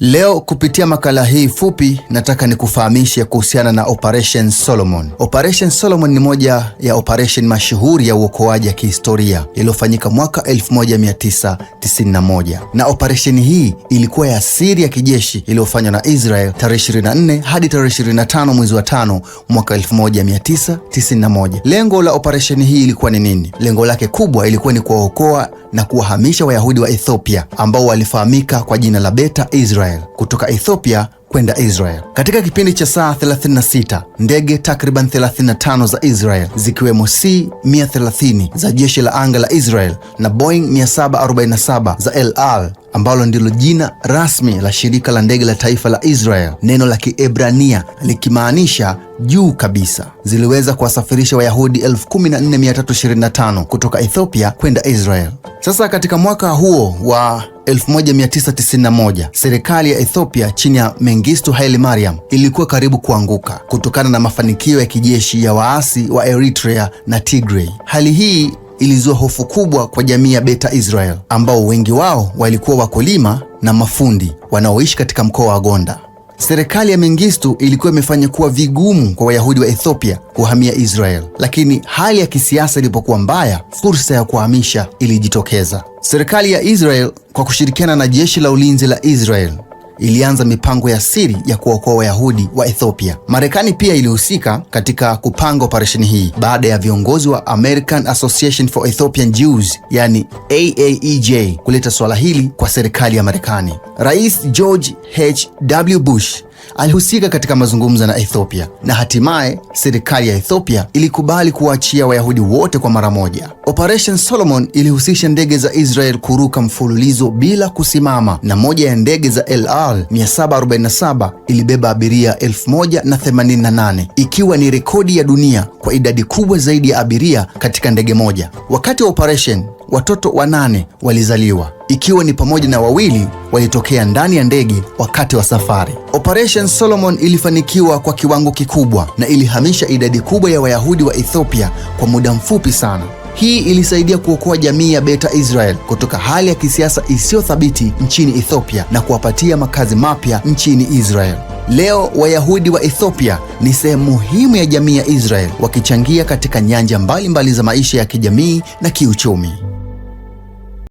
Leo kupitia makala hii fupi nataka nikufahamishe kuhusiana na Operation Solomon. Operation Solomon ni moja ya operation mashuhuri ya uokoaji ya kihistoria iliyofanyika mwaka 1991, na operation hii ilikuwa ya siri ya kijeshi iliyofanywa na Israel tarehe 24 hadi tarehe 25 mwezi wa tano mwaka 1991. Lengo la operation hii ilikuwa ni nini? Lengo lake kubwa ilikuwa ni kuwaokoa na kuwahamisha Wayahudi wa Ethiopia ambao walifahamika kwa jina la Beta Israel Israel kutoka Ethiopia kwenda Israel. Katika kipindi cha saa 36, ndege takriban 35 za Israel zikiwemo C130 za jeshi la anga la Israel na Boeing 747 za El Al ambalo ndilo jina rasmi la shirika la ndege la taifa la Israel, neno la Kiebrania likimaanisha juu kabisa, ziliweza kuwasafirisha Wayahudi 14325 kutoka Ethiopia kwenda Israel. Sasa katika mwaka huo wa 1991 serikali ya Ethiopia chini ya Mengistu Haile Mariam ilikuwa karibu kuanguka kutokana na mafanikio ya kijeshi ya waasi wa Eritrea na Tigray. Hali hii ilizua hofu kubwa kwa jamii ya Beta Israel ambao wengi wao walikuwa wakulima na mafundi wanaoishi katika mkoa wa gonda Serikali ya Mengistu ilikuwa imefanya kuwa vigumu kwa Wayahudi wa Ethiopia kuhamia Israel, lakini hali ya kisiasa ilipokuwa mbaya, fursa ya kuhamisha ilijitokeza. Serikali ya Israel kwa kushirikiana na jeshi la ulinzi la Israel ilianza mipango ya siri ya kuwaokoa Wayahudi wa Ethiopia. Marekani pia ilihusika katika kupanga operesheni hii baada ya viongozi wa American Association for Ethiopian Jews, yani AAEJ, kuleta swala hili kwa serikali ya Marekani. Rais George H. W. Bush Alihusika katika mazungumzo na Ethiopia na hatimaye serikali ya Ethiopia ilikubali kuwaachia Wayahudi wote kwa mara moja. Operation Solomon ilihusisha ndege za Israel kuruka mfululizo bila kusimama, na moja ya ndege za El Al 747 ilibeba abiria 1088 ikiwa ni rekodi ya dunia kwa idadi kubwa zaidi ya abiria katika ndege moja. Wakati wa operation, watoto wanane walizaliwa ikiwa ni pamoja na wawili walitokea ndani ya ndege wakati wa safari. Operation Solomon ilifanikiwa kwa kiwango kikubwa na ilihamisha idadi kubwa ya Wayahudi wa Ethiopia kwa muda mfupi sana. Hii ilisaidia kuokoa jamii ya Beta Israel kutoka hali ya kisiasa isiyo thabiti nchini Ethiopia na kuwapatia makazi mapya nchini Israel. Leo Wayahudi wa Ethiopia ni sehemu muhimu ya jamii ya Israel wakichangia katika nyanja mbalimbali mbali za maisha ya kijamii na kiuchumi.